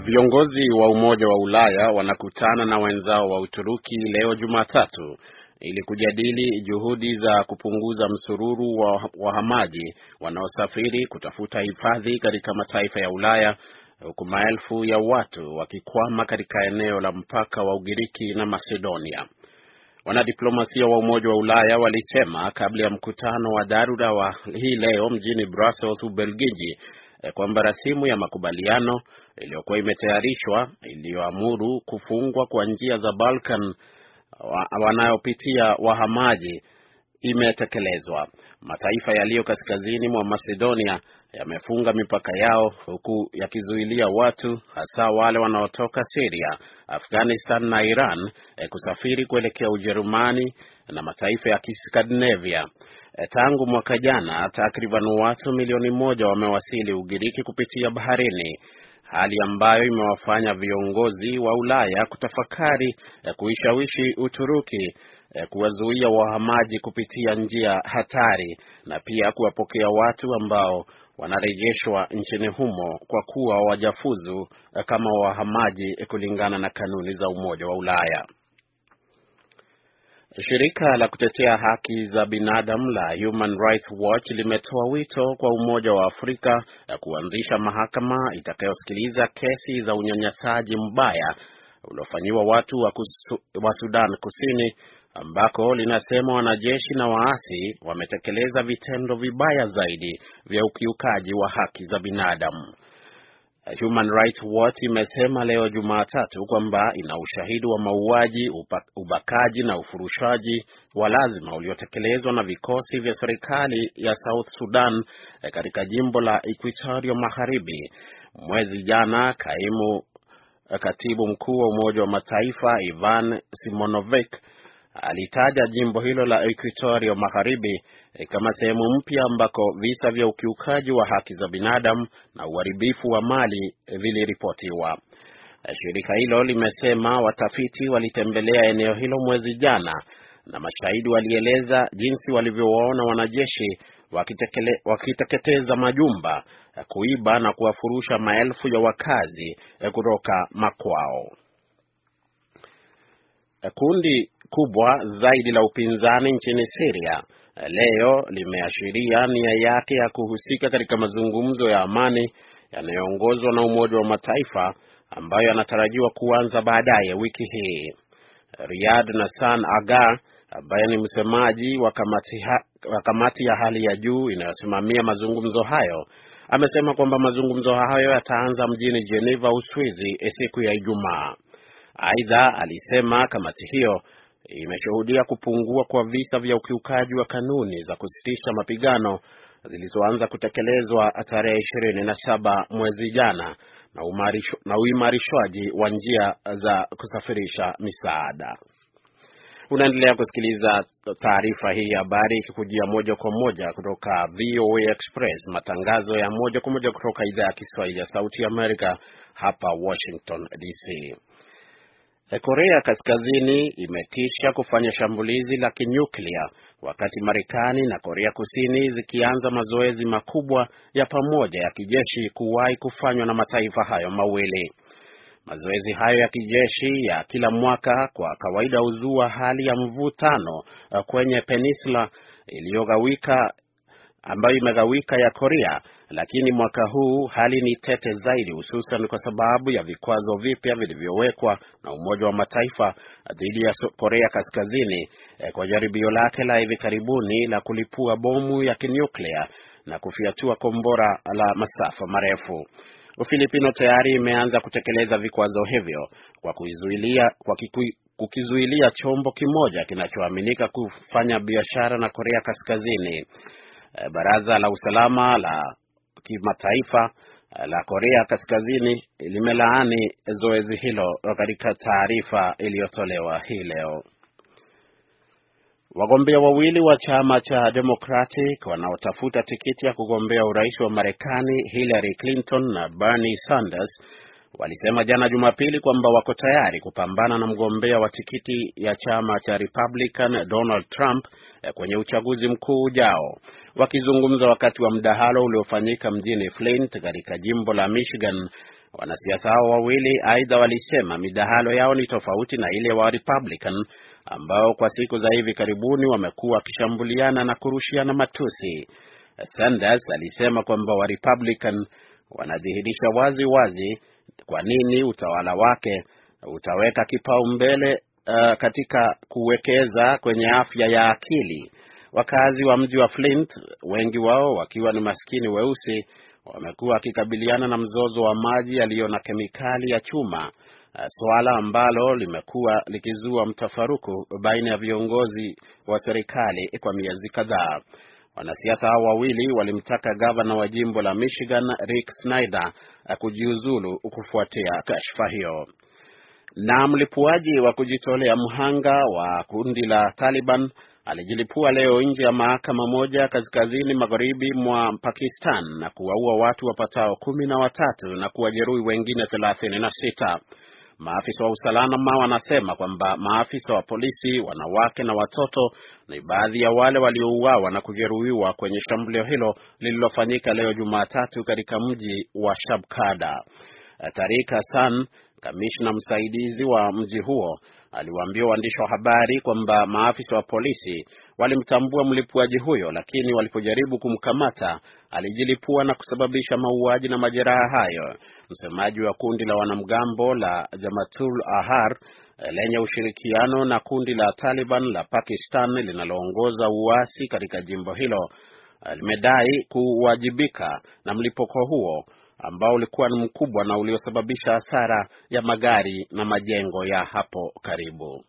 Viongozi wa Umoja wa Ulaya wanakutana na wenzao wa Uturuki leo Jumatatu ili kujadili juhudi za kupunguza msururu wa wahamaji wanaosafiri kutafuta hifadhi katika mataifa ya Ulaya huku maelfu ya watu wakikwama katika eneo la mpaka wa Ugiriki na Macedonia. Wanadiplomasia wa Umoja wa Ulaya walisema kabla ya mkutano wa dharura wa hii leo mjini Brussels, Ubelgiji, Eh, kwamba rasimu ya makubaliano iliyokuwa imetayarishwa iliyoamuru kufungwa kwa njia za Balkan wanayopitia wahamaji imetekelezwa. Mataifa yaliyo kaskazini mwa Macedonia yamefunga mipaka yao huku yakizuilia watu hasa wale wanaotoka siria Afghanistan na Iran eh, kusafiri kuelekea Ujerumani na mataifa ya Kiskandinavia. Eh, tangu mwaka jana, takriban watu milioni moja wamewasili Ugiriki kupitia baharini, hali ambayo imewafanya viongozi wa Ulaya kutafakari eh, kuishawishi Uturuki Eh, kuwazuia wahamaji kupitia njia hatari na pia kuwapokea watu ambao wanarejeshwa nchini humo kwa kuwa wajafuzu eh, kama wahamaji kulingana na kanuni za Umoja wa Ulaya. Shirika la kutetea haki za binadamu la Human Rights Watch limetoa wito kwa Umoja wa Afrika ya eh, kuanzisha mahakama itakayosikiliza kesi za unyanyasaji mbaya uliofanyiwa watu wa, kusu, wa Sudan Kusini ambako linasema wanajeshi na waasi wametekeleza vitendo vibaya zaidi vya ukiukaji wa haki za binadamu. Human Rights Watch imesema leo Jumatatu kwamba ina ushahidi wa mauaji, ubakaji na ufurushaji wa lazima uliotekelezwa na vikosi vya serikali ya South Sudan eh, katika jimbo la Equatoria Magharibi mwezi jana. Kaimu eh, katibu mkuu wa Umoja wa Mataifa Ivan Simonovic alitaja jimbo hilo la Equatorio Magharibi eh, kama sehemu mpya ambako visa vya ukiukaji wa haki za binadamu na uharibifu wa mali eh, viliripotiwa. Eh, shirika hilo limesema watafiti walitembelea eneo hilo mwezi jana na mashahidi walieleza jinsi walivyowaona wanajeshi wakiteketeza majumba, kuiba na kuwafurusha maelfu ya wakazi kutoka makwao. Kundi kubwa zaidi la upinzani nchini Syria leo limeashiria nia yake ya kuhusika katika mazungumzo ya amani yanayoongozwa na Umoja wa Mataifa ambayo yanatarajiwa kuanza baadaye wiki hii. Riyad Nassan Aga ambaye ni msemaji wa kamati, ha, wa kamati ya hali ya juu inayosimamia mazungumzo hayo amesema kwamba mazungumzo hayo yataanza mjini Geneva, Uswizi siku ya Ijumaa. Aidha alisema kamati hiyo imeshuhudia kupungua kwa visa vya ukiukaji wa kanuni za kusitisha mapigano zilizoanza kutekelezwa tarehe ishirini na saba mwezi jana na uimarishwaji wa njia za kusafirisha misaada. Unaendelea kusikiliza taarifa hii habari ikikujia moja kwa moja kutoka VOA Express, matangazo ya moja kwa moja kutoka idhaa ya Kiswahili ya Sauti Amerika hapa Washington DC. Eh, Korea Kaskazini imetisha kufanya shambulizi la kinyuklia wakati Marekani na Korea Kusini zikianza mazoezi makubwa ya pamoja ya kijeshi kuwahi kufanywa na mataifa hayo mawili. Mazoezi hayo ya kijeshi ya kila mwaka kwa kawaida huzua hali ya mvutano eh, kwenye peninsula iliyogawika ambayo imegawika ya Korea lakini mwaka huu hali ni tete zaidi, hususan kwa sababu ya vikwazo vipya vilivyowekwa na Umoja wa Mataifa dhidi ya Korea Kaskazini eh, kwa jaribio lake la hivi karibuni la kulipua bomu ya kinyuklia na kufiatua kombora la masafa marefu. Ufilipino tayari imeanza kutekeleza vikwazo hivyo kwa kuizuilia kwa kikui kukizuilia chombo kimoja kinachoaminika kufanya biashara na Korea Kaskazini. Eh, Baraza la usalama la kimataifa eh, la Korea Kaskazini limelaani zoezi hilo katika taarifa iliyotolewa hii leo. Wagombea wawili wa chama cha Democratic wanaotafuta tikiti ya kugombea urais wa Marekani Hillary Clinton na Bernie Sanders walisema jana Jumapili kwamba wako tayari kupambana na mgombea wa tikiti ya chama cha Republican Donald Trump eh, kwenye uchaguzi mkuu ujao. Wakizungumza wakati wa mdahalo uliofanyika mjini Flint katika jimbo la Michigan, wanasiasa hao wawili aidha walisema midahalo yao ni tofauti na ile wa Republican ambao kwa siku za hivi karibuni wamekuwa wakishambuliana na kurushiana matusi. Sanders alisema kwamba wa Republican wanadhihirisha wazi wazi kwa nini utawala wake utaweka kipaumbele uh, katika kuwekeza kwenye afya ya akili. Wakazi wa mji wa Flint, wengi wao wakiwa ni maskini weusi, wamekuwa wakikabiliana na mzozo wa maji yaliyo na kemikali ya chuma, uh, suala ambalo limekuwa likizua mtafaruku baina ya viongozi wa serikali kwa miezi kadhaa. Wanasiasa hao wawili walimtaka gavana wa jimbo la Michigan Rick Snyder kujiuzulu kufuatia kashfa hiyo. Na mlipuaji wa kujitolea mhanga wa kundi la Taliban alijilipua leo nje ya mahakama moja kaskazini magharibi mwa Pakistan na kuwaua watu wapatao kumi na watatu na kuwajeruhi wengine thelathini na sita. Maafisa wa usalama wanasema kwamba maafisa wa polisi, wanawake na watoto ni baadhi ya wale waliouawa na kujeruhiwa kwenye shambulio hilo lililofanyika leo Jumatatu katika mji wa Shabkada. Tarika San, kamishna msaidizi wa mji huo, aliwaambia waandishi wa habari kwamba maafisa wa polisi walimtambua mlipuaji huyo, lakini walipojaribu kumkamata alijilipua na kusababisha mauaji na majeraha hayo. Msemaji wa kundi la wanamgambo la Jamatul Ahar eh, lenye ushirikiano na kundi la Taliban la Pakistan linaloongoza uasi katika jimbo hilo eh, limedai kuwajibika na mlipuko huo ambao ulikuwa ni mkubwa na uliosababisha hasara ya magari na majengo ya hapo karibu.